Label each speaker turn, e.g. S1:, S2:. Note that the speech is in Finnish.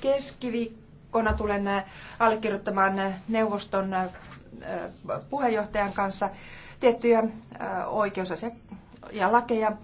S1: keskiviikkona tulen äh, allekirjoittamaan äh, neuvoston äh, puheenjohtajan kanssa tiettyjä oikeusasia- ja lakeja.